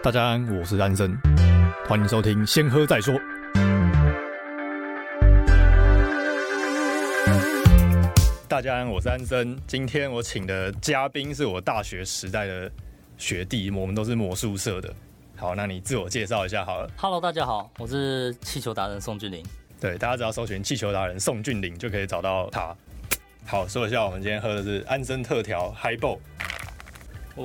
大家安，我是安生，歡迎收聽先喝再說。大家安，我是安生。今天我請的嘉賓是我大學時代的學弟，我們都是魔術社的。好，那你自我介紹一下好了。Hello，大家好，我是氣球達人宋俊霖。對，大家只要搜尋氣球達人宋俊霖就可以找到他。好，說一下我們今天喝的是安生特調 Highball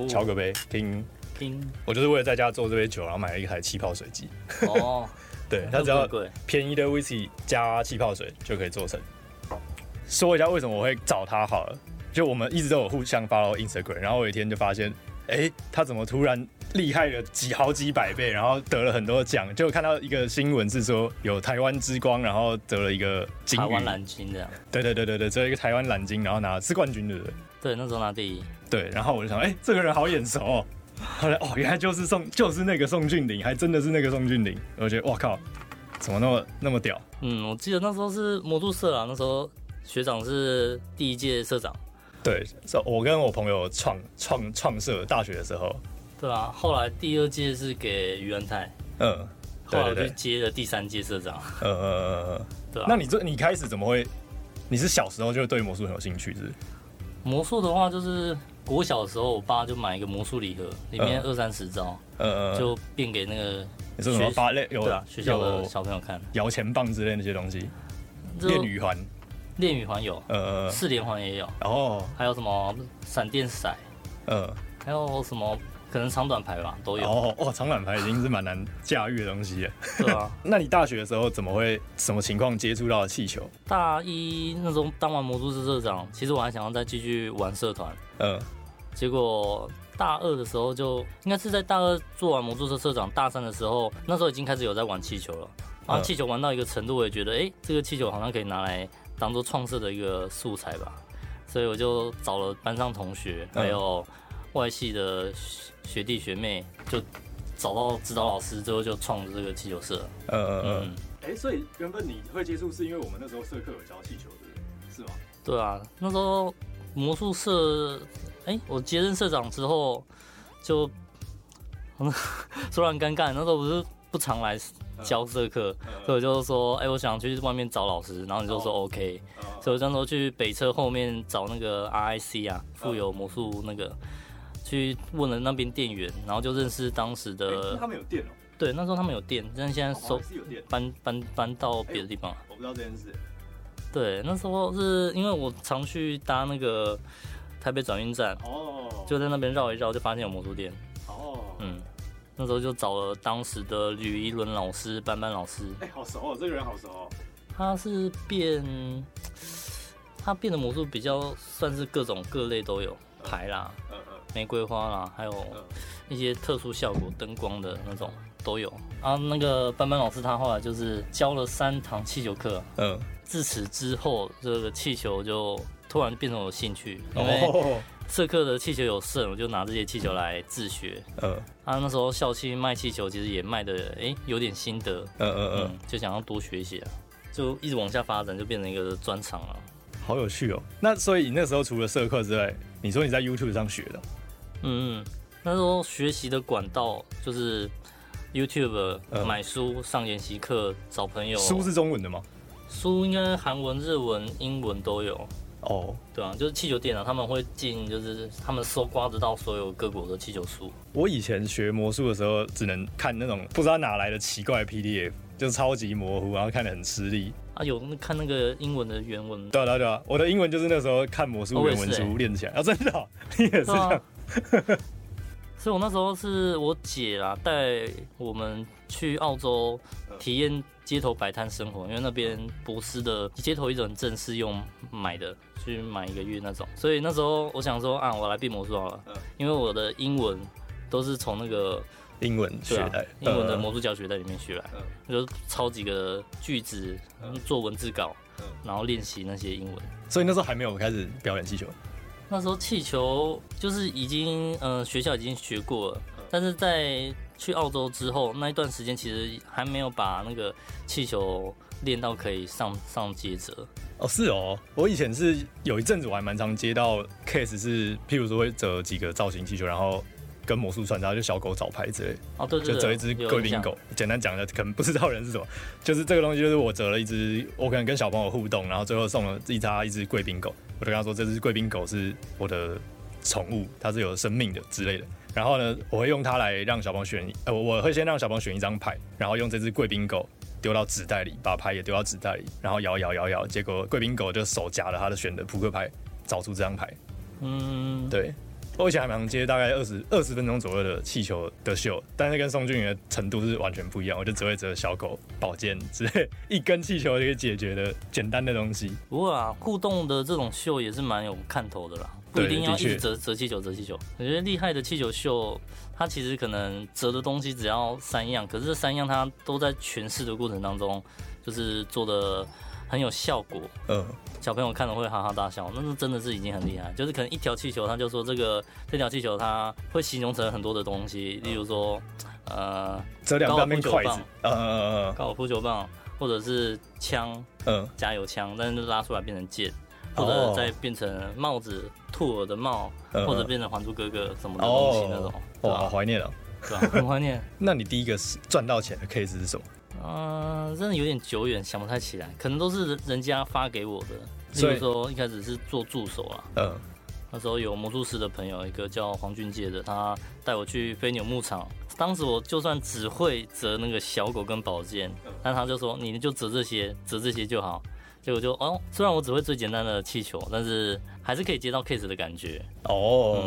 敲、oh. 個杯，聽。King. 我就是為了在家做這杯酒，然後買了一台氣泡水機。哦、oh, 對，他只要便宜的威士忌加氣泡水就可以做成。說一下為什麼我會找他好了，就我們一直都有互相發到 Instagram，然後我有一天就發現，哎、欸，他怎麼突然厲害了幾好幾百倍，然後得了很多獎？就看到一個新聞是說有台灣之光，然後得了一個金台灣藍鯨這樣。對對對對對，得一個台灣藍鯨，然後拿是冠軍對不對？對，那時候拿第一。對，然後我就想，哎、欸，這個人好眼熟、喔。後來哦，原來就是宋，就是那個宋俊霖，還真的是那個宋俊霖。我覺得哇靠，怎麼那麼那麼屌？嗯，我記得那時候是魔術社啊，那時候學長是第一屆社長。對，我我跟我朋友創創創社大學的時候。對啊，後來第二屆是給余恩泰。嗯，對對對。後來就接了第三屆社長。呃呃呃。對啊。那你這你開始怎麼會？你是小時候就對魔術很有興趣是不是？魔術的話就是。我小時候，我爸就買一個魔術禮盒，裡面二、呃、三十招，呃，就變給那個學校、學校的小朋友看，搖錢棒之類的那些東西，連理環，連理環有、呃，四連環也有，然、哦、後還有什麼閃電骰、呃、還有什麼。可能長短牌吧，都有。哦，哦，長短牌已經是蠻難駕馭的東西了。 對吧，啊？那你大學的時候怎麼會什麼情況接觸到氣球？大一那時候當完魔術社社長，其實我還想要再繼續玩社團。嗯。結果大二的時候就，就應該是在大二做完魔術社社長，大三的時候，那時候已經開始有在玩氣球了。然後氣球玩到一個程度，我也覺得哎，嗯欸，這個氣球好像可以拿來當做創設的一個素材吧。所以我就找了班上同學，嗯、還有。外系的學弟學妹就找到指導老師之、哦、後就創了這個氣球社，嗯嗯。哎、欸，所以原本你會接觸是因為我們那時候社課有教氣球的，是嗎？對啊，那時候魔術社，哎、欸，我接任社長之後就、嗯、雖然尷尬，那時候不是不常來教社課、嗯嗯，所以我就是說，哎、欸，我想去外面找老師，然後你就說 OK、哦、所以我那時候去北車後面找那個 RIC 啊，富、嗯、有魔術那個。去問了那邊店員，然後就認識當時的、欸，他們有店哦。對，那時候他們有店，但現在收、哦、搬搬搬到別的地方、哎、我不知道這件事。對，那時候是因為我常去搭那個台北轉運站，oh. 就在那邊繞一繞，就發現有魔術店。哦、oh.，嗯，那時候就找了當時的呂一倫老師、班班老師。哎、欸，好熟哦，這個人好熟哦。他是變他變的魔術比較算是各種各類都有牌啦。玫瑰花啦，還有一些特殊效果燈光的那種都有啊。那個班班老師他後來就是教了三堂氣球課，嗯，自此之後，這個氣球就突然變成我的興趣，因為社課的氣球有剩，我就拿這些氣球來自學，嗯，他、嗯啊、那時候校慶賣氣球其實也賣得，哎、欸，有點心得，嗯嗯嗯,嗯,嗯，就想要多學一些、啊，就一直往下發展，就變成一個專場了，好有趣哦。那所以你那時候除了社課之外，你說你在 YouTube 上學的？嗯，那時候學習的管道就是 YouTube、嗯、買書、上研習課、找朋友。書是中文的嗎？書應該韓文、日文、英文都有。哦、oh.，對啊，就是氣球店啊，他們會進，就是他們搜刮得到所有各國的氣球書。我以前學魔術的時候，只能看那種不知道哪來的奇怪的 PDF，就超級模糊，然後看得很吃力。啊，有看那個英文的原文？對啊，對啊，我的英文就是那時候看魔術原文書練起來。啊、oh, yes, 喔，真的、喔， 你也是這樣、啊。 所以，我那時候是我姐啦，帶我們去澳洲體驗街頭擺攤生活，因為那邊博斯的街頭藝人正式用買的去買一個月那種。所以那時候我想說啊，我來變魔術好了，因為我的英文都是從那個英文學來、啊，英文的魔術教學在裡面學來、呃，就抄幾個句子做文字稿，然後練習那些英文。所以那時候還沒有開始表演氣球。那時候氣球就是已經，呃，學校已經學過了，但是在去澳洲之後那一段時間，其實還沒有把那個氣球練到可以上上街折。哦，是哦，我以前是有一陣子我還蠻常接到 case，是譬如說會折幾個造型氣球，然後跟魔術穿，然後就小狗找牌之類。哦，對對、對。就折一只貴賓狗，簡單講一下，可能不知道人是什麼，就是這個東西，就是我折了一只，我可能跟小朋友互動，然後最後送了其他一只貴賓狗。我跟他說這隻貴賓狗是我的寵物，它是有生命的之類的。然後呢，我會用它來讓小朋友選，呃，我會先讓小朋友選一張牌，然後用這隻貴賓狗丟到紙袋裡，把牌也丟到紙袋裡，然後搖搖搖搖，結果貴賓狗就手夾了他的選的撲克牌，找出這張牌。嗯，對。我以前還能接大概二十二十分鐘左右的氣球的秀，但是跟宋俊霖的程度是完全不一樣。我就只會折小狗、寶劍之類，一根氣球就可以解決的簡單的東西。不過啊，互動的這種秀也是蠻有看頭的啦，不一定要一直折折氣球、折氣球。我覺得厲害的氣球秀，它其實可能折的東西只要三樣，可是這三樣它都在詮釋的過程當中，就是做的。很有效果，嗯、呃，小朋友看了會哈哈大笑，那是真的是已經很厲害，就是可能一條氣球，他就說這個這條氣球它會形容成很多的東西，例如說，呃，這兩高爾夫球棒，嗯嗯嗯，高爾夫球棒，或者是槍，嗯、呃，加油槍，但是就拉出來變成劍，或者再變成帽子，呃、兔耳的帽、呃，或者變成哥哥《還珠格格》什麼的東西、哦、那種，哇，好懷念哦。對吧、啊哦啊哦啊？很懷念。 那你第一個賺到錢的 case 是什麼？嗯、uh,，真的有點久遠，想不太起來，可能都是人人家發給我的。所以，說一開始是做助手啊。嗯。那時候有魔術師的朋友，一個叫黃俊傑的，他帶我去飛牛牧場。當時我就算只會折那個小狗跟寶劍，嗯，但他就說：“你就折這些，折這些就好。”結果就哦，雖然我只會最簡單的氣球，但是還是可以接到 case 的感覺。哦、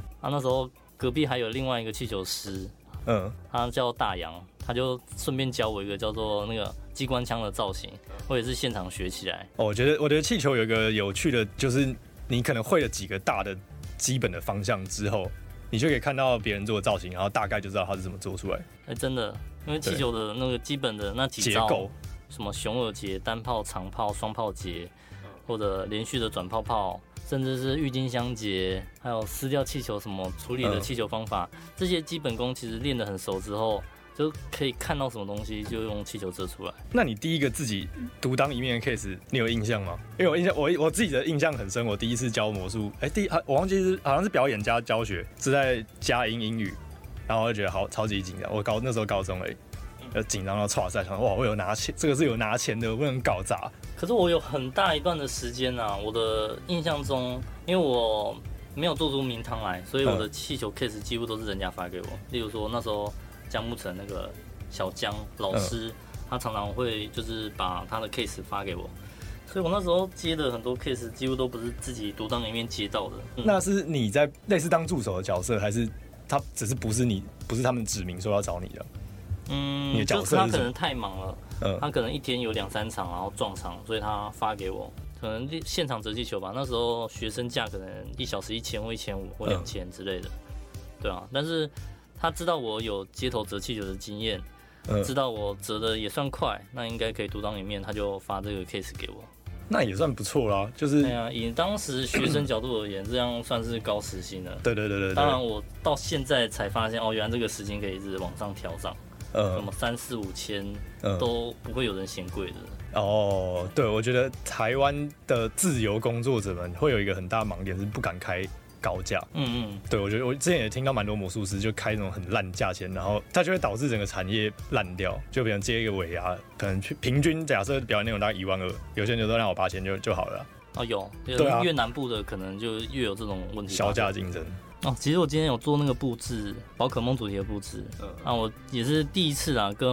嗯。啊，那時候隔壁還有另外一個氣球師。嗯，他叫大洋，他就順便教我一個叫做那個機關槍的造型，我、嗯、也是現場學起來。哦，我覺得我覺得氣球有一個有趣的，就是你可能會了幾個大的基本的方向之後，你就可以看到別人做的造型，然後大概就知道它是怎麼做出來。哎、欸，真的，因為氣球的那個基本的那幾個結構，什麼熊耳結、單炮、長炮、雙炮結，或者連續的轉炮炮。甚至是鬱金香結，還有撕掉氣球什麼處理的氣球方法、嗯，這些基本功其實練得很熟之後，就可以看到什麼東西就用氣球遮出來。那你第一個自己獨當一面的 case，你有印象嗎？因為我印象，我我自己的印象很深，我第一次教魔術，哎、欸，第一我忘記是好像是表演加教學，是在加音、英語，然後我就覺得好超級緊張，我高那時候高中哎，要緊張到剉賽，想哇我有拿錢，這個是有拿錢的，不能搞砸。可是我有很大一段的時間吶、啊，我的印象中，因為我沒有做出名堂來，所以我的氣球 case 幾乎都是人家發給我。嗯、例如說那時候江木城那個小江老師、嗯，他常常會就是把他的 case 發給我，所以我那時候接的很多 case 幾乎都不是自己獨當一面接到的、嗯。那是你在類似當助手的角色，還是他只是不是你，不是他們指明說要找你的？嗯，你的角色，就是他可能太忙了。嗯、他可能一天有兩三場，然後撞場，所以他發給我，可能現場折氣球吧。那時候學生價可能一小時一千或一千五、嗯、或兩千之類的，對啊。但是他知道我有街頭折氣球的經驗、嗯，知道我折的也算快，那應該可以獨當一面，他就發這個 case 給我。那也算不錯啦，就是對啊，以當時學生角度而言，咳咳這樣算是高時薪了。對對對，對對對對，當然我到現在才發現，哦，原來這個時薪可以一直往上調漲。呃、嗯，什麼三四五千，都不會有人嫌貴的、嗯。哦，對，我覺得台灣的自由工作者們會有一個很大的盲點，是不敢開高價。嗯嗯，對我覺得我之前也聽到蠻多魔術師就開那種很爛價錢，然後它就會導致整個產業爛掉。就比如接一個尾牙，可能去平均假設表演內容大概一萬二，有些人就說讓我八千就就好了、啊。哦，有，這個、越南部的可能就越有這種問題、啊。削價競爭。哦，其實我今天有做那個布置，寶可夢主題的布置。嗯，那、啊、我也是第一次啊，跟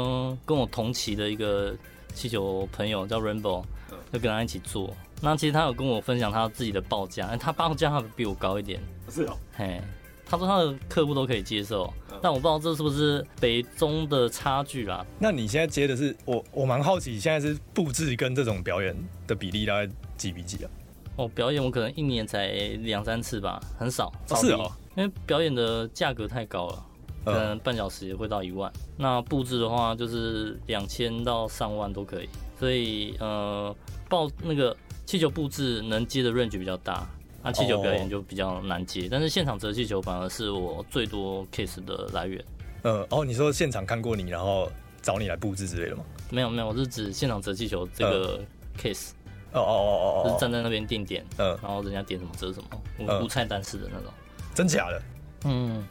跟我同期的一個氣球朋友叫 Rainbow，、嗯、就跟他一起做。那其實他有跟我分享他自己的報價、欸，他報價他比我高一點。是哦。嘿，他說他的客戶都可以接受、嗯，但我不知道這是不是北中的差距啦。那你現在接的是我，我蠻好奇現在是布置跟這種表演的比例大概幾比幾啊？哦，表演我可能一年才兩三次吧，很少、哦。是哦，因為表演的價格太高了、嗯，可能半小時也會到一萬。那布置的話就是兩千到上萬都可以，所以呃，報那個氣球布置能接的 range 比較大，那、啊、氣球表演就比較難接。哦、但是現場折氣球反而是我最多 case 的來源。嗯，哦，你說現場看過你，然後找你來布置之類的嗎？沒有沒有，我是指現場折氣球這個 case。嗯哦哦哦哦就是站在那邊定點，嗯，然後人家點什麼折什麼，無、嗯、無菜單式的那種，真假的？嗯，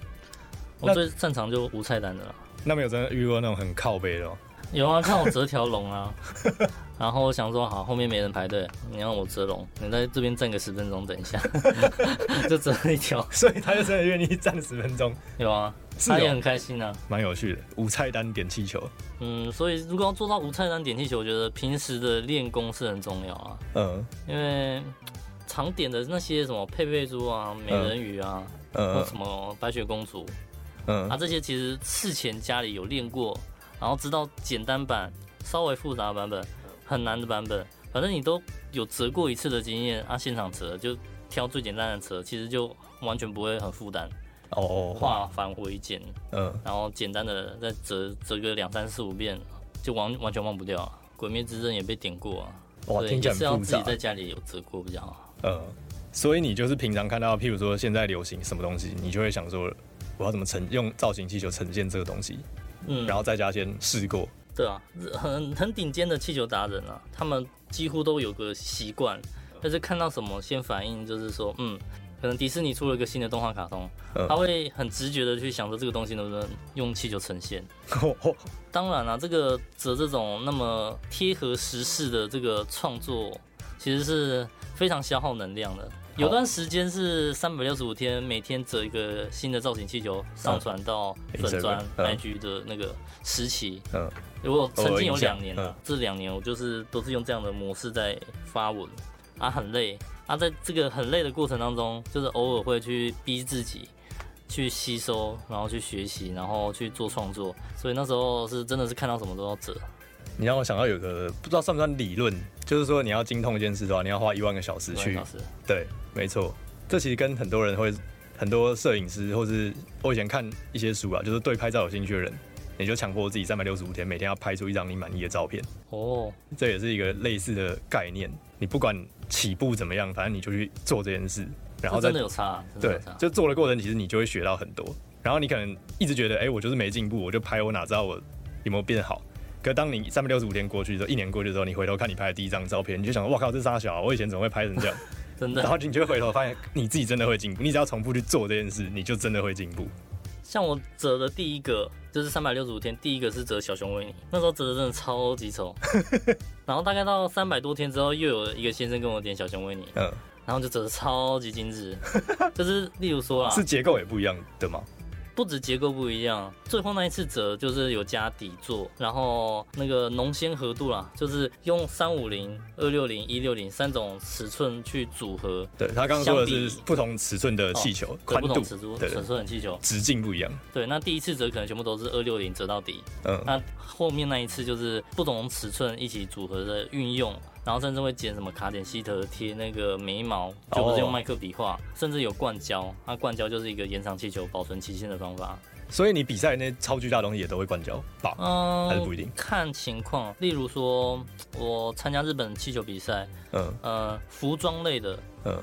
我最擅長就無菜單的了。那沒有真的遇過那種很靠北的嗎？有啊，看我折條龍啊， 然後我想說好，後面沒人排隊，你讓我折龍，你在這邊站個十分鐘，等一下， 就折了一條， 所以他就真的願意站十分鐘，有啊。他也很開心呢、啊，蠻有趣的無菜單點氣球。嗯，所以如果要做到無菜單點氣球，我覺得平時的練功是很重要啊。嗯，因為常點的那些什麼佩佩豬啊、美人魚啊、嗯，或什麼白雪公主，嗯，啊這些其實事前家裡有練過，然後知道簡單版、稍微複雜的版本、很難的版本，反正你都有折過一次的經驗，啊現場折就挑最簡單的折，其實就完全不會很負擔。哦，化繁為簡，嗯，然後簡單的再折折個兩三四五遍，就完完全忘不掉啊。鬼滅之刃也被點過，對，也是要自己在家裡有折過比較好。嗯，所以你就是平常看到，譬如說現在流行什麼東西，你就會想說，我要怎麼呈用造型氣球呈現這個東西？嗯，然後在家先試過。對啊，很很頂尖的氣球達人啊，他們幾乎都有個習慣，但是看到什麼先反應，就是說，嗯。可能迪士尼出了一個新的動畫卡通，嗯、他會很直覺的去想着這個東西能不能用氣球呈現。哦哦，當然了，啊，這個折這種那麼貼合實事的這個創作，其實是非常消耗能量的。哦、有段時間是三百六十五天，每天折一個新的造型氣球，上傳到粉磚白 g 的那個時期。嗯，如果曾經有兩年，嗯，這兩年我就是都是用這樣的模式在發文，啊，很累。他、啊、在這個很累的過程當中，就是偶爾會去逼自己去吸收，然後去學習，然後去做創作。所以那時候是真的是看到什麼都要折。你讓我想到有個不知道算不算理論，就是說你要精通一件事的話，你要花一萬個小時去一萬個小時。對，沒錯。這其實跟很多人會，很多攝影師，或是我以前看一些書啊，就是對拍照有興趣的人，你就強迫自己三百六十五天每天要拍出一張你滿意的照片。哦、oh.，這也是一個類似的概念。你不管。起步怎麼樣？反正你就去做這件事，然後真的有差啊，真的有差啊，對，就做的過程其實你就會學到很多。然後你可能一直覺得，哎、欸，我就是沒進步，我就拍我，我哪知道我有沒有變好？可當你三百六十五天過去之後，一年過去之後，你回頭看你拍的第一張照片，你就想，哇靠，這是殺小啊！我以前怎麼會拍成這樣？ 真的。然後你就會回頭發現，你自己真的會進步。你只要重複去做這件事，你就真的會進步。像我折的第一個就是三百六十五天，第一個是折小熊維尼，那時候折的真的超級醜， 然後大概到三百多天之後，又有一個先生跟我點小熊維尼，嗯，然後就折的超級精緻， 就是例如說啦，是結構也不一樣的嗎？不止結構不一樣，最後那一次折就是有加底座，然後那個穠纖合度啦，就是用三五零、二六零、一六零三種尺寸去組合。對，他剛剛說的是不同尺寸的氣球，哦、不同尺寸，尺寸的氣球直徑不一樣。對，那第一次折可能全部都是二六零折到底，嗯，那後面那一次就是不同尺寸一起組合的運用。然後甚至會剪什麼卡點西德貼那個眉毛，就不是用麥克筆畫，oh. 甚至有灌膠。它灌膠就是一個延長氣球保存期限的方法。所以你比賽那些超巨大的東西也都會灌膠吧？嗯，還是不一定，看情況。例如說我參加日本氣球比賽，嗯呃，服裝類的，嗯。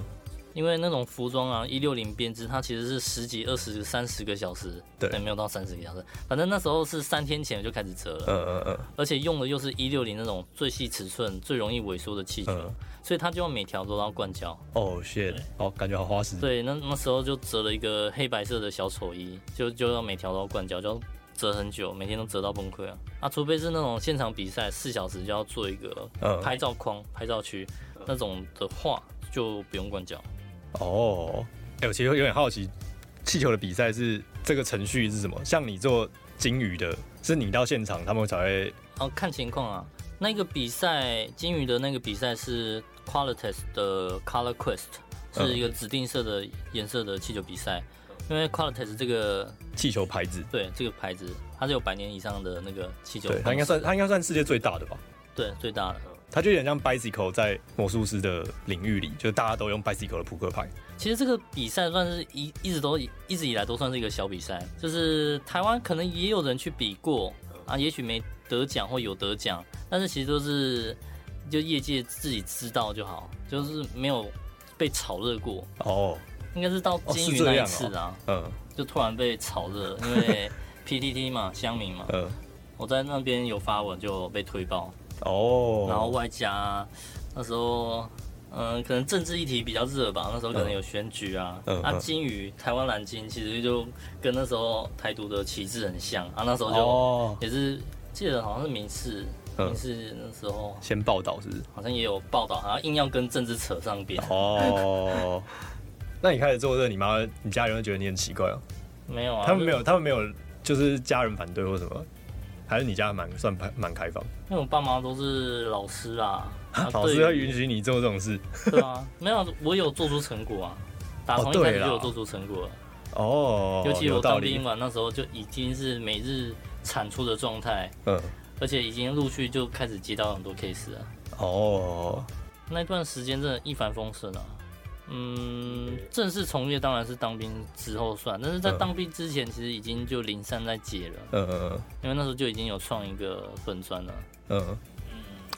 因為那種服裝啊，一六零編織，它其實是十幾、二十三十個小時，對、欸，沒有到三十個小時。反正那時候是三天前就開始折了，嗯嗯嗯。而且用的又是一六零那種最細尺寸、最容易萎縮的氣球，嗯，所以它就要每條都要灌膠。哦，shit，哦，感覺好花時間。對，那那時候就折了一個黑白色的小丑衣，就就要每條都要灌膠，就要折很久，每天都折到崩潰啊。那除非是那種現場比賽，四小時就要做一個拍照框，嗯、拍照區，嗯，那種的話，就不用灌膠。哦，哎，我其實有點好奇，氣球的比賽是這個程序是什麼？像你做鯨魚的，是你到現場，他們會才會哦，oh, 看情況啊。那個比賽鯨魚的那個比賽是 Qualitest 的 Color Quest，是一個指定色的顏色的氣球比賽。Okay. 因為 Qualitest 這個氣球牌子，對這個牌子，它是有百年以上的那個氣球，對，它應該算它應該算世界最大的吧？對，最大的。它就有點像 Bicycle 在魔術師的領域裡，就是、大家都用 Bicycle 的撲克牌。其實這個比賽算是一一直都一直以來都算是一個小比賽，就是台灣可能也有人去比過啊，也許沒得獎或有得獎，但是其實都是就業界自己知道就好，就是沒有被炒熱過哦。應該是到金魚那一次啊，哦哦、嗯，就突然被炒熱，因為 PTT 嘛，鄉 民嘛，嗯，我在那邊有發文就被推爆。哦、oh，然後外加、啊、那時候，嗯，可能政治議題比較熱吧，那時候可能有選舉啊。Uh, uh, 啊，金魚，台灣藍鯨其實就跟那時候台獨的旗幟很像啊，那時候就也是、oh, 記得好像是民視民、uh, 視那時候先報道是，是，好像也有報道，好像硬要跟政治扯上邊。哦、oh, 那你開始做這個，你媽你家人會覺得你很奇怪哦？沒有啊，他們沒有，他們沒有，就是家人反對或什麼？還是你家蠻算蠻開放，因為我爸媽都是老師啊 老師要允許你做這種事。 對啊，沒有，我有做出成果啊，打從一開始就有做出成果哦。哦，有道理。尤其我當兵完那時候就已經是每日產出的狀態，嗯，而且已經陸續就開始接到很多 case 了。哦，那段時間真的，一帆風順啊。嗯，正式從業當然是當兵之後算，但是在當兵之前其實已經就零散在接了。嗯嗯嗯，嗯，因為那時候就已經有創一個粉專了。嗯嗯，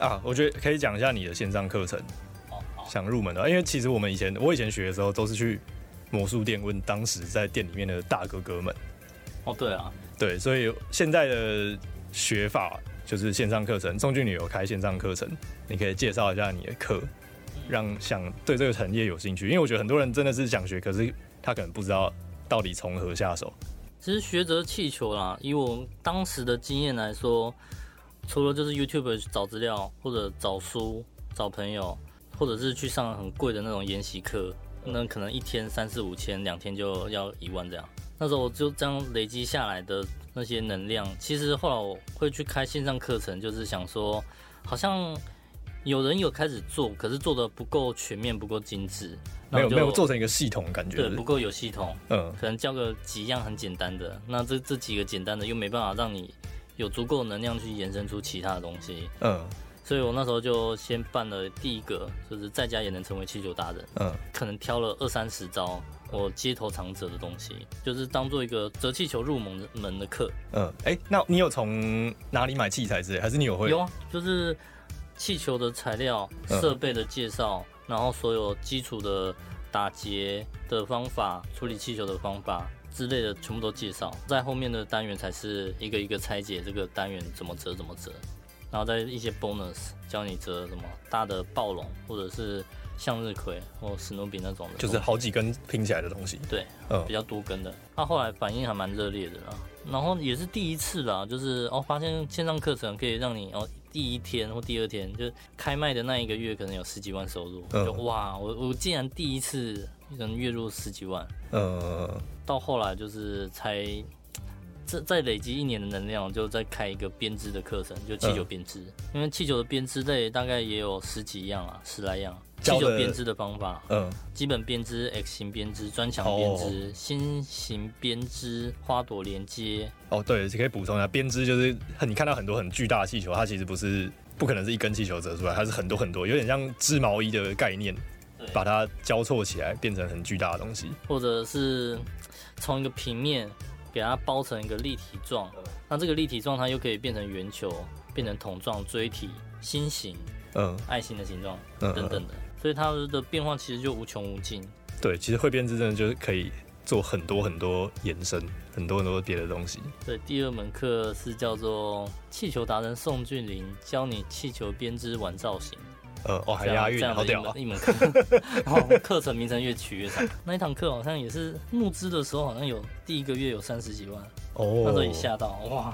啊，我覺得可以講一下你的線上課程。哦，想入門的話，因為其實我們以前我以前學的時候都是去魔術店問當時在店裡面的大哥哥們。哦，對啊，對，所以現在的學法就是線上課程，宋俊霖有開線上課程，你可以介紹一下你的課。讓想對這個產業有興趣，因為我覺得很多人真的是想學，可是他可能不知道到底從何下手。其實學着氣球啦，以我當時的經驗來說，除了就是 YouTube 找資料，或者找書、找朋友，或者是去上很貴的那種研習課，那可能一天三四五千，兩天就要一萬這樣。那時候我就這樣累積下來的那些能量，其實後來我會去開線上課程，就是想說，好像。有人有開始做，可是做的不夠全面，不夠精緻，然後沒有沒有做成一個系統的感覺，對，不夠有系統，嗯，可能教個幾樣很簡單的，那這這幾個簡單的又沒辦法讓你有足夠能量去延伸出其他的東西，嗯，所以我那時候就先辦了第一個，就是在家也能成為氣球達人，嗯，可能挑了二三十招我街頭常折的東西，就是當做一個折氣球入門的門的課，嗯，哎、欸，那你有從哪裡買器材之類？還是你有會？有啊，就是。氣球的材料、設備的介紹、嗯，然後所有基礎的打結的方法、處理氣球的方法之類的，全部都介紹。在後面的單元才是一個一個拆解這個單元怎麼折怎麼折，然後在一些 bonus 教你折什麼大的暴龍，或者是向日葵或史努比那種的，就是好幾根拼起來的東西。對，嗯、比較多根的。他、啊、後來反應還蠻熱烈的啦，然後也是第一次啦，就是哦，發現線上課程可以讓你哦。第一天或第二天就開賣的那一個月，可能有十幾萬收入。嗯、就哇，我我竟然第一次能月入十幾萬。嗯。到後來就是才，再再累積一年的能量，就再開一個編織的課程，就氣球編織。嗯、因為氣球的編織類大概也有十幾樣啊，十來樣。氣球編織的方法，嗯，基本編織、X 型編織、磚牆編織、心形編織、花朵連接。哦，對，也可以補充一下，編織就是你看到很多很巨大的氣球，它其實不是不可能是一根氣球折出來，它是很多很多，有點像織毛衣的概念，把它交錯起來變成很巨大的東西。或者是從一個平面給它包成一個立體狀、嗯，那這個立體狀它又可以變成圓球、變成桶狀、錐體、心形、嗯，愛心的形狀、嗯、等等的。所以它的變化其實就無窮無盡。對，其實會編織真的就是可以做很多很多延伸，很多很多別的東西。對，第二門課是叫做氣球達人宋俊霖教你氣球編織玩造型。呃，哦，還押韻，好屌，喔，一門課。課程名稱越取越長。那一堂課好像也是募資的時候，好像有第一個月有三十幾萬。哦、oh。那時候也嚇到，哇，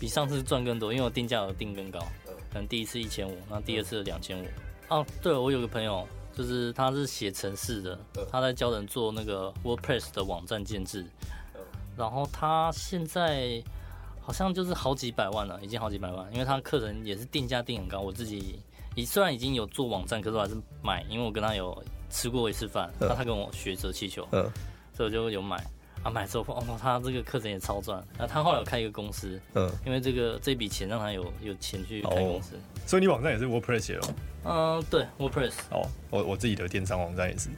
比上次賺更多，因為我定價有定更高，呃。可能第一次一千五，然後第二次兩千五。嗯。哦、oh,，對，我有個朋友，就是他是寫程式的、嗯，他在教人做那個 WordPress 的網站建制、嗯，然後他現在好像就是好幾百萬了，已經好幾百萬，因為他課程也是定價定很高。我自己已雖然已經有做網站，可是我還是買，因為我跟他有吃過一次飯，他、嗯、他跟我學折氣球、嗯，所以我就有買啊買之後，哦他這個課程也超賺，那他後來有開一個公司，嗯，因為這個這筆錢讓他有有錢去開公司、哦，所以你網站也是 WordPress 寫哦。嗯、uh、對，WordPress。哦、oh、我我自己的電商網站也是，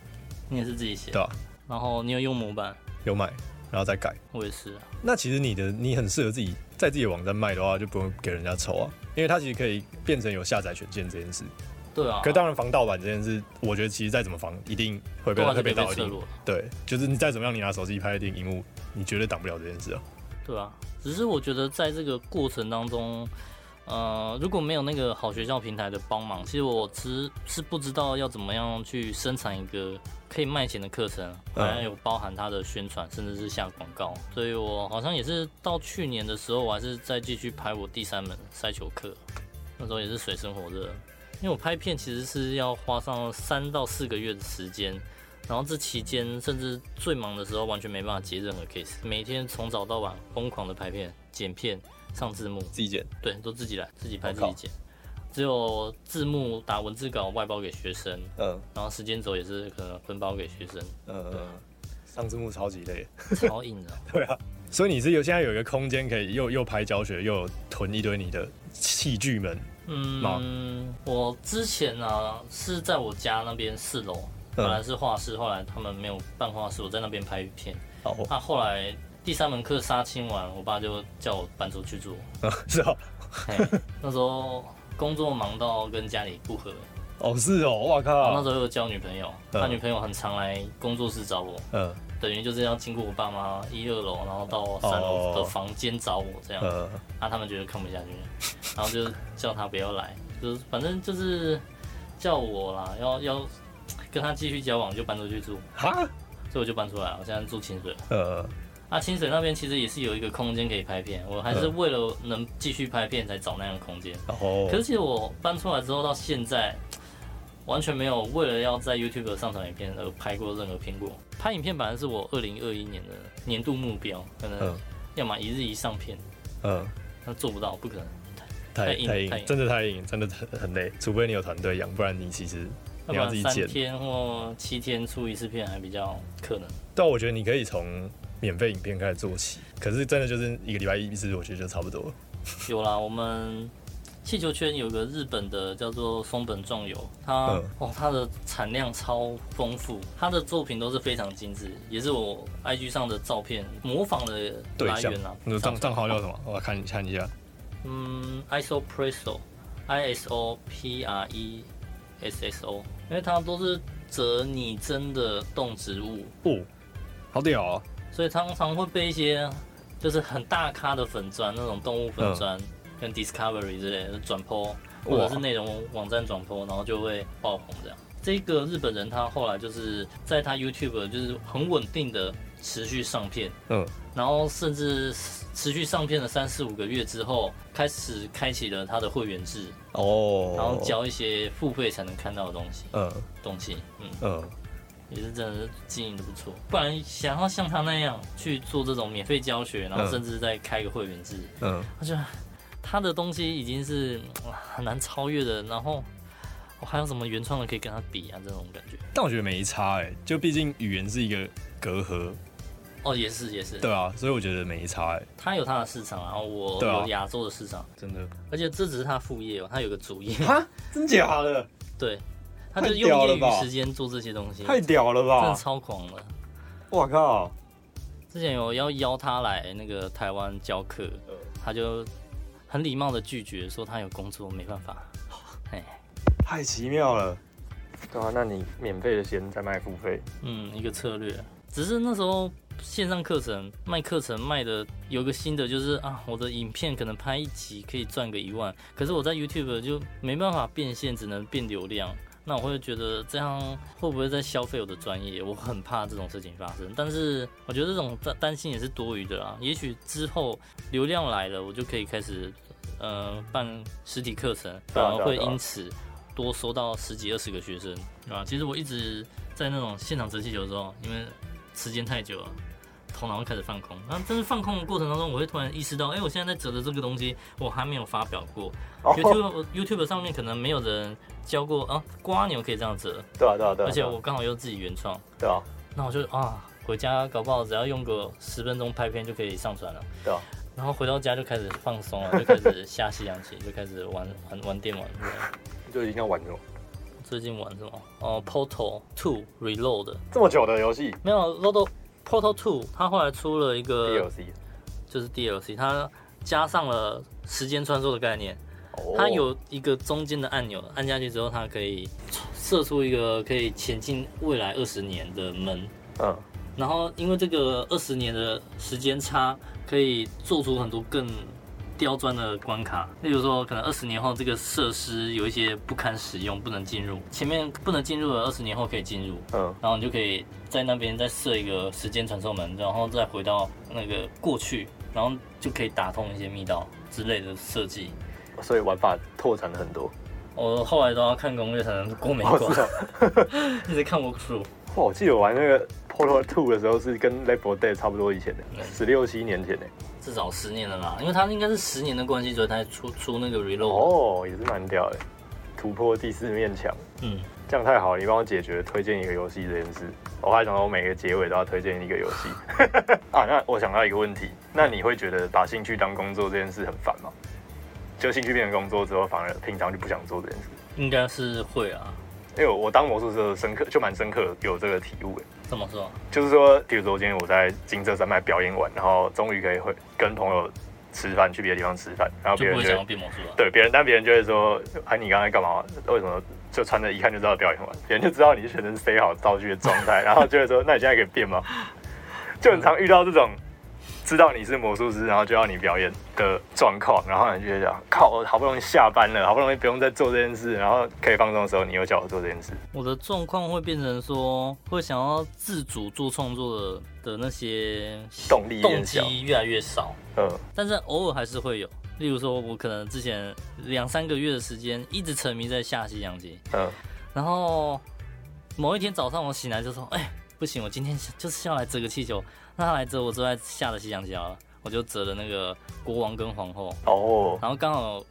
你也是自己寫的，嗯、對、啊、然後你有用模板？有買，然後再改。我也是、啊。那其實你的，你很適合自己在自己的網站賣的話，就不用給人家抽啊，因為它其實可以變成有下載權限。這件事。對啊。可當然，防盜版這件事，我覺得其實再怎麼防，一定會被特別盜。對，就是你再怎麼樣，你拿手機拍定熒幕，你絕對擋不了這件事啊。對啊，只是我覺得在這個過程當中。呃，如果沒有那個好學校平台的幫忙，其實我只是不知道要怎麼樣去生產一個可以賣錢的課程，好、嗯、像有包含它的宣傳，甚至是下廣告。所以我好像也是到去年的時候，我還是在繼續拍我第三門氣球課，那時候也是水深火熱，因為我拍片其實是要花上三到四個月的時間，然後這期間甚至最忙的時候完全沒辦法接任何 case，每天從早到晚瘋狂的拍片剪片。上字幕自己剪，對，都自己來，自己拍自己剪，oh, 只有字幕打文字稿外包給學生，嗯，然後時間軸也是可能分包給學生，嗯，上字幕超級累，超硬的 對啊，所以你是有現在有一個空間可以又又拍教學又有囤一堆你的器具們，嗯，我之前呢是在我家那邊四樓、嗯，本來是畫室，後來他們沒有辦畫室，我在那邊拍影片，那、oh, oh. 啊、後來。第三門課殺青完，我爸就叫我搬出去住。 是啊 那時候工作忙到跟家裡不合哦，是哦，哇靠。然後那時候又交女朋友，嗯，他女朋友很常來工作室找我。嗯。等於就是要經過我爸媽一二樓，然後到三樓的房間找我這樣。那，哦啊、他們覺得看不下去，然後就叫他不要來， 就反正就是叫我啦，要要跟他繼續交往就搬出去住哈。所以我就搬出來了，我現在住清水呃。嗯啊，清水那邊其實也是有一個空間可以拍片，我還是為了能繼續拍片才找那樣的空間。哦、嗯。可是其實我搬出來之後到現在，完全沒有為了要在 YouTube 上傳影片而拍過任何片過。拍影片本來是我二零二一年的年度目標，可能要麼一日一上片。嗯。那做不到，不可能。太太，太，硬太，硬太硬，真的太硬，真的很很累。除非你有團隊養，不然你其實你要，要三天或七天出一次片還比較可能。但我覺得你可以從免費影片開始做起，可是真的就是一個禮拜一次，我覺得就差不多。 有啦，我們氣球圈有一個日本的叫做松本壯友，它、嗯、哦，他的產量超豐富，他的作品都是非常精緻，也是我 IG 上的照片模仿的來源啦、啊。賬賬、啊、號叫什麼？啊、我看，你看一下。嗯，Isopresso，i s o p r e s s s o，因為它都是折擬真的動植物，不、哦，好屌啊、哦！所以常常會被一些就是很大咖的粉磚那種動物粉磚、嗯、跟 Discovery 之類的轉播，就是、po，或者是內容網站轉播，然後就會爆紅這樣。這個日本人他後來就是在他 YouTube 就是很穩定的持續上片，嗯，然後甚至持續上片了三四五個月之後，開始開啟了他的會員制哦，然後交一些付費才能看到的東西，嗯，東西，嗯，嗯。也是真的是經營的不錯，不然想要像他那樣去做這種免費教學，然後甚至再開個會員制，嗯，而且他的東西已經是很難超越的，然後我還有什麼原創的可以跟他比啊？這種感覺。但我覺得沒差哎、欸，就畢竟語言是一個隔閡。哦，也是也是。對啊，所以我覺得沒差哎。他有他的市場，然後我有亞洲的市場，啊、真的。而且這只是他副業哦，他有個主業。啊？真假的？ 對、嗯。他就用業餘時間做這些東西，太屌了吧！了吧，真的超狂了，我靠！之前有要邀他來那個台灣教課，他就很禮貌的拒絕，說他有工作沒辦法。哎，太奇妙了！對啊，那你免費的先再賣付費，嗯，一個策略。只是那時候線上課程賣課程賣的有個新的，就是啊，我的影片可能拍一集可以賺個一萬，可是我在 YouTube 就沒辦法變現，只能變流量。那我會覺得這樣會不會在消費我的專業？我很怕這種事情發生，但是我覺得這種擔擔心也是多餘的啦。也許之後流量來了，我就可以開始，呃，辦實體課程，反而、對啊、會因此多收到十幾二十個學生，對吧？對啊。其實我一直在那種現場折氣球的時候，因為時間太久了。頭腦會開始放空，然、啊、後但是放空的過程當中，我會突然意識到，哎、欸，我現在在折的這個東西我還沒有發表過、oh.，YouTube YouTube 上面可能沒有人教過啊，蝸牛可以這樣折，對啊對啊對啊，而且我剛好又自己原創，對啊，那我就啊回家搞不好只要用個十分鐘拍片，就可以上傳了，對啊，然後回到家就開始放鬆了，就開始下西洋棋， 就開始玩玩玩電玩， 就已經要玩了，最近玩什麼？哦、uh,，Portal 2 Reload，這麼久的遊戲沒有，load Portal 2，它後來出了一個 DLC，就是 DLC，它加上了時間穿梭的概念。哦。它有一個中間的按鈕，按下去之後，它可以射出一個可以前進未來二十年的門。嗯。哦。然後，因為這個二十年的時間差，可以做出很多更刁鑽的關卡。例如說，可能二十年後這個設施有一些不堪使用，不能進入。前面不能進入了，二十年後可以進入。嗯。哦。然後你就可以。在那邊再設一個時間傳送門，然後再回到那個過去，然後就可以打通一些密道之類的設計，所以玩法拓展了很多。我後來都要看攻略才能過每一關，哦啊、 一直看不熟。哇、哦，我記得我玩那個 Portal Two 的時候是跟 Left 4 Dead 差不多，以前的十六七年前的，至少十年了啦，因為它應該是十年的關係，所以才出出那個 Reload。哦，也是蠻屌的，突破第四面牆。嗯，這樣太好了，你幫我解決，推薦一個遊戲這件事。我還想說，我每個結尾都要推薦一個遊戲 啊。那我想到一個問題，那你會覺得把興趣當工作這件事很煩嗎？就興趣變成工作之後，反而平常就不想做這件事？應該是會啊。因為我當魔術師深刻，就蠻深刻有這個體悟誒、欸。怎麼說，啊？就是說，比如說，今天我在金色山脈表演完，然後終於可以會跟朋友吃飯，去別的地方吃飯，然後別人就，會就不會想要變魔術對別人，但別人就會說：“哎、啊，你剛才幹嘛？為什麼？”就穿着一看就知道表演完，別人就知道你全身是塞好道具的狀態， 然後就會說：“那你現在可以變嗎？”就很常遇到這種知道你是魔術師，然後就要你表演的狀況，然後你就會想，靠，我好不容易下班了，好不容易不用再做這件事，然後可以放鬆的時候，你又叫我做這件事。我的狀況會變成說，會想要自主做創作的的那些動力動機越來越少，嗯，但是偶爾還是會有。例如說，我可能之前兩三個月的時間一直沉迷在下西洋棋，嗯，然後某一天早上我醒來就說：“哎、欸，不行，我今天就是要來折個氣球。”那他來折我就在下的西洋棋好了，我就折了那個國王跟皇后哦。然後剛好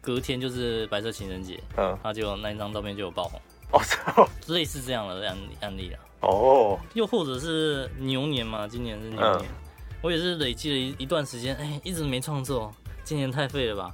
隔天就是白色情人節，嗯，他、啊、就那一張照片就有爆紅哦，類似這樣的案、哦、案例了哦。又或者是牛年嘛，今年是牛年，嗯、我也是累積了一一段時間，哎、欸，一直沒創作。今年太廢了吧，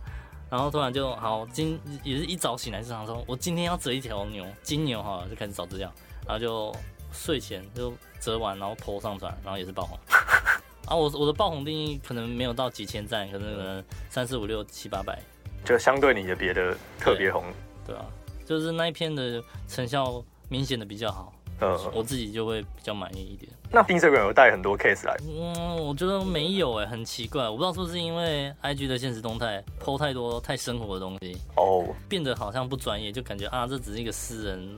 然後突然就好，今也是一早醒來就想說，我今天要折一條牛，金牛哈，就開始找資料，然後就睡前就折完，然後 po 上傳，然後也是爆紅。 啊，我我的爆紅定義可能沒有到幾千讚，可能可能三四五六七八百，就相對你的別的特別紅，對，對啊，就是那一篇的成效明顯的比較好。呃、嗯，我自己就會比較滿意一點。那冰水 s 有帶很多 case 來？嗯，我覺得沒有哎、欸，很奇怪，我不知道是不是因為 IG 的現實動態 PO 太多太生活的東西，哦、oh.，變得好像不專業，就感覺啊，這只是一個私人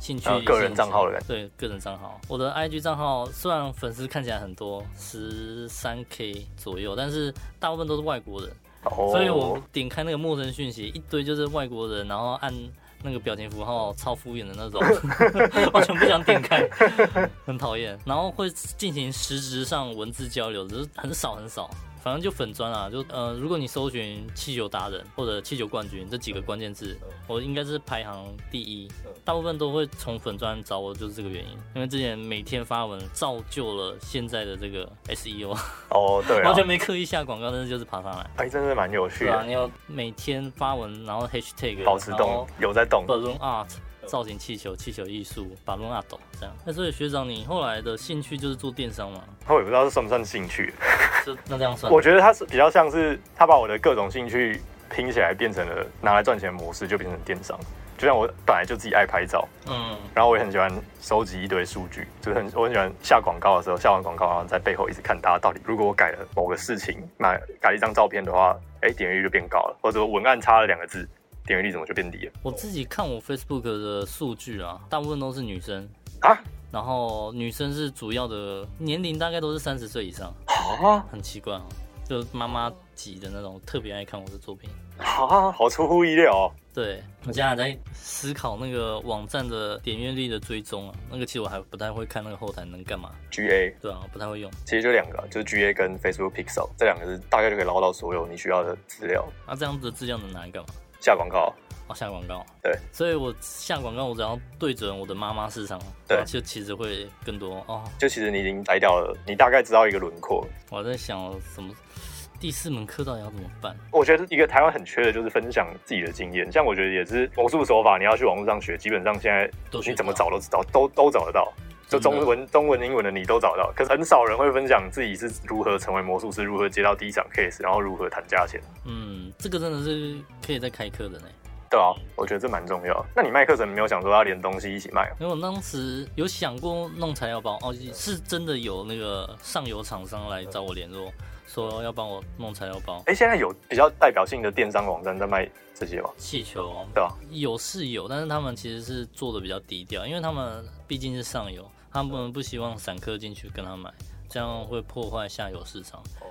興趣個人賬號的感覺。對，個人賬號。我的 IG 賬號雖然粉絲看起來很多，十三 K 左右，但是大部分都是外國人，oh. 所以我點開那個陌生訊息，一堆就是外國人，然後按。那個表情符號超敷衍的那種，完 全不想點開，很討厭。然後會進行實質上文字交流，只、就是很少很少。反正就粉磚啊，就呃，如果你搜尋氣球達人或者氣球冠軍這幾個關鍵字，我應該是排行第一，大部分都會從粉磚找我，就是這個原因。因為之前每天發文，造就了現在的這個 SEO。Oh，對啊。哦，對，完全沒刻意下廣告，但是就是爬上來。哎，真的蠻有趣的。你要每天發文，然後 hashtag 保持動，有在動。造型氣球、氣球藝術、把路那懂，這樣。那、欸、所以學長，你後來的興趣就是做電商嗎？我也不知道這算不算興趣。 那這樣算？我覺得他是比較像是他把我的各種興趣拼起來，變成了拿來賺錢的模式，就變成電商。就像我本來就自己愛拍照，嗯，然後我也很喜歡收集一堆數據，就是我很喜歡下廣告的時候，下完廣告然後在背後一直看，大家到底如果我改了某個事情，那改了一張照片的話，哎、欸，點擊率就變高了，或者說文案差了兩個字。點閱率怎麼就變低了？我自己看我 Facebook 的數據啊，大部分都是女生啊，然後女生是主要的，年齡大概都是三十歲以上啊，很奇怪哦，就媽媽級的那種特別愛看我的作品啊，好出乎意料哦。對，我現在在思考那個網站的點閱率的追蹤啊，那個其實我還不太會看那個後台能幹嘛。GA 對啊，不太會用，其實就兩個，就是 GA 跟 Facebook Pixel 這兩個是大概就可以撈到所有你需要的資料。那，啊，這樣子的資料能拿來幹嘛？下廣告，哦，下廣告，對，所以我下廣告，我只要對準我的媽媽市場，對，就其實會更多哦。就其實你已經來掉了，你大概知道一個輪廓。我在想，什麼第四門課到底要怎麼辦？我覺得一個台灣很缺的就是分享自己的經驗，像我覺得也是魔術手法，你要去網絡上學，基本上現在你怎麼找都找都都找得到。就中文、中文、英文的你都找到，可是很少人會分享自己是如何成為魔術師，如何接到第一場 case，然後如何談價錢。嗯，這個真的是可以再開課的呢。對啊，我覺得這蠻重要。那你賣課程沒有想說要連東西一起賣、啊？因、欸、為我當時有想過弄材料包，哦，是真的有那個上游廠商來找我聯絡、嗯，說要幫我弄材料包。哎、欸，現在有比較代表性的電商網站在賣這些嗎？氣球，對啊，有是有，但是他們其實是做的比較低調，因為他們畢竟是上游。他們不希望散客進去跟他買，這樣會破壞下游市場。哦、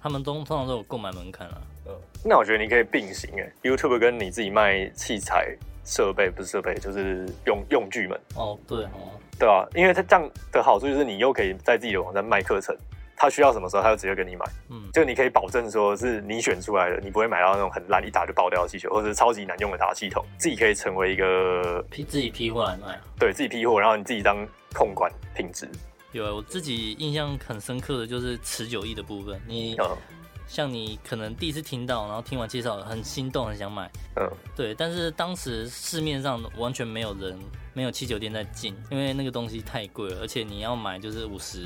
他們都通常都有購買門檻了、啊。那我覺得你可以並行哎、欸、，YouTube 跟你自己賣器材設備，不是設備，就是用用具們。哦，對啊、哦。對啊，因為他這樣的好處就是你又可以在自己的網站賣課程，他需要什麼時候他就直接跟你買。嗯，就你可以保證說是你選出來的，你不會買到那種很爛一打就爆掉的氣球，或是超級難用的打氣筒。自己可以成為一個批自己批貨來賣、啊、對自己批貨，然後你自己當。控管品質，有。我自己印象很深刻的就是持久力的部分。你、嗯、像你可能第一次聽到，然後聽完介紹，很心動，很想買。嗯，對。但是當時市面上完全沒有人，沒有氣球店在進，因為那個東西太貴了，而且你要買就是五十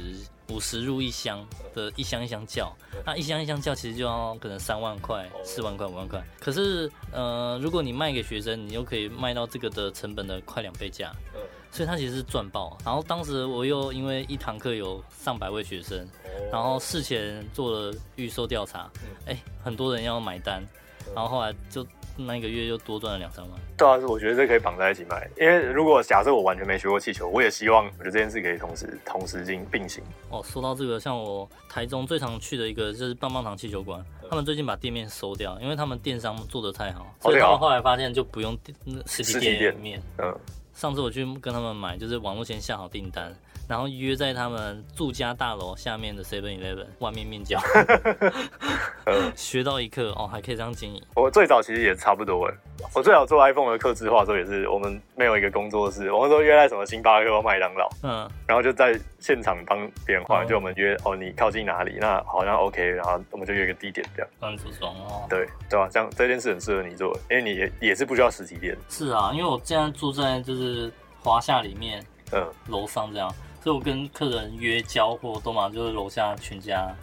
五十入一箱的，一箱一箱叫，那、啊、一箱一箱叫其實就要可能三萬塊、四萬塊、五萬塊。可是、呃，如果你賣給學生，你就可以賣到這個的成本的快兩倍價。嗯所以他其實是賺爆，然後當時我又因為一堂課有上百位學生，然後事前做了預售調查，哎、嗯、欸，很多人要買單，嗯、然後後來就那一個月又多賺了兩三萬。當然是我覺得這可以綁在一起賣，因為如果假設我完全沒學過氣球，我也希望，我覺得這件事可以同時同時進行並行。哦，說到這個，像我台中最常去的一個就是棒棒糖氣球館、嗯，他們最近把店面收掉，因為他們電商做得太好，所以到後來發現就不用實體店店面，嗯。上次我去跟他們買，就是網絡先下好訂單。然後約在他們住家大樓下面的 Seven Eleven 外面面交， 嗯、 學到一課哦，還可以這樣經營。我最早其實也差不多哎，我最早做 iPhone 的客制化，的時候也是，我們沒有一個工作室，我們說約在什麼星巴克或麥當勞，嗯，然後就在現場幫別人、嗯、就我們約哦，你靠近哪裡，那好像 OK，然後我們就約一個地點這樣。很中哦。對，對吧、啊？這樣這件事很適合你做，因為你也也是不需要實體店。是啊，因為我現在住在就是華夏裡面，嗯，樓上這樣。所以，我跟客人約交貨，都嘛就是樓下全家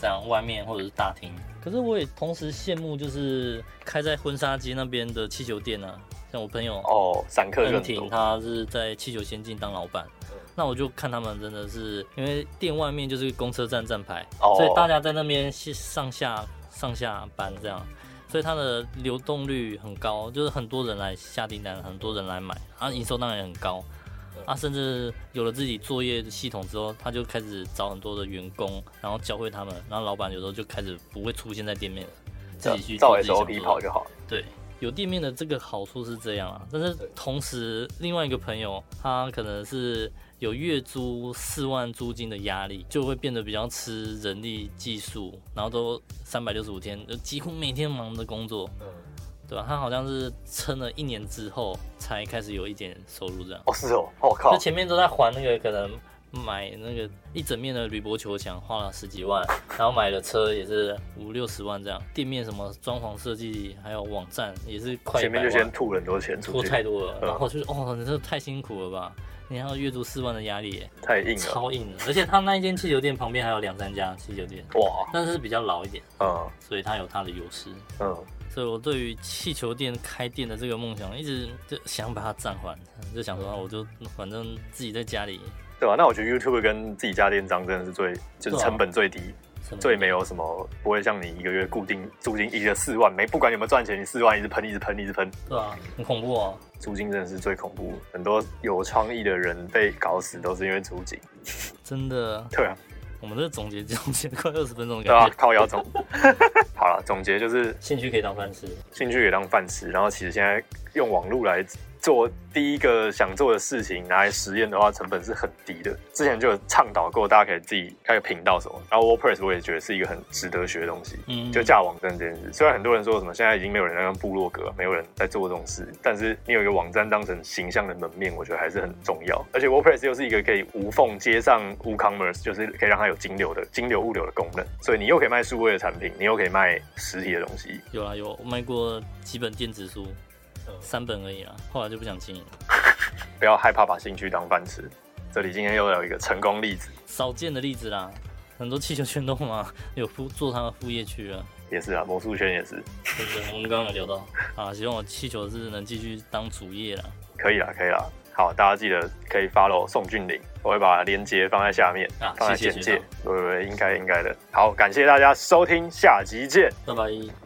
這樣，外面或者是大廳。可是，我也同時羨慕，就是開在婚紗街那邊的氣球店呢、啊。像我朋友哦，散客就很多，恩婷他是在氣球仙境當老板、嗯。那我就看他們真的是，因為店外面就是公車站站牌，哦、所以大家在那邊上上下上下班這樣，所以它的流動率很高，就是很多人來下訂單，很多人來買，然後營收當然也很高。他、啊、甚至有了自己作業的系統之後，他就開始找很多的員工，然後教會他們，然後老板有時候就開始不會出現在店面，自己去自己照着 SOP 跑就好了。對，有店面的這個好處是這樣啊，但是同時另外一個朋友，他可能是有月租四萬租金的壓力，就會變得比較吃人力技術，然後都三百六十五天就幾乎每天忙的工作。嗯他好像是撐了一年之後才開始有一點收入這樣。哦，是哦，我靠！就前面都在還那個可能買那個一整面的鋁箔球牆花了十幾萬，然後買的車也是五六十萬這樣。店面什麼裝潢設計，還有網站也是快。前面就先吐了很多錢，吐太多了。然後就是，哦，你這太辛苦了吧？你還要月租四萬的壓力，太硬超硬了。而且他那一間氣球店旁邊還有兩三家氣球店，哇，但是比較老一點，嗯，所以他有他的優勢，嗯。對，我對於氣球店開店的這個夢想，一直就想把它暫緩，就想說，我就反正自己在家裡，對吧、啊？那我覺得 YouTube 跟自己家店張真的是最，就是成本最低，啊、成本低，最沒有什麼，不會像你一個月固定租金一個四萬，沒不管你有沒有賺錢，你四萬一直噴，一直噴，一直噴，對啊，很恐怖啊、哦！租金真的是最恐怖，很多有創意的人被搞死都是因為租金， 真的，對啊。我們這總結，總結快二十分鐘感覺，對啊，靠腰總 好了，總結就是興趣可以當飯吃，興趣也當飯吃。然後其實現在用網絡來做第一個想做的事情拿來實驗的話，成本是很低的。之前就有倡導過，大家可以自己開個頻道什麼。然後 WordPress 我也覺得是一個很值得學的東西。嗯，嗯，就架網站這件事，雖然很多人說什麼現在已經沒有人在用部落格，沒有人在做這種事，但是你有一個網站當成形象的門面，我覺得還是很重要。而且 WordPress 又是一個可以無縫接上 WooCommerce，就是可以讓它有金流的、金流物流的功能，所以你又可以賣數位的產品，你又可以賣實體的東西。有啊，有，我賣過幾本電子書。三本而已了，後來就不想經營。 不要害怕把興趣當飯吃，這裡今天又有一個成功例子，少見的例子啦。很多氣球圈都嘛有副做他們副業去了，啊，也是啊，魔術圈也是。對對，我們剛剛聊到啊，希 望我氣球是能繼續當主業啦。可以啦，可以啦，好，大家記得可以 follow 宋俊霖，我會把鏈接放在下面啊，放在簡介。對對對，應該應該的。好，感謝大家收聽，下集見。拜拜。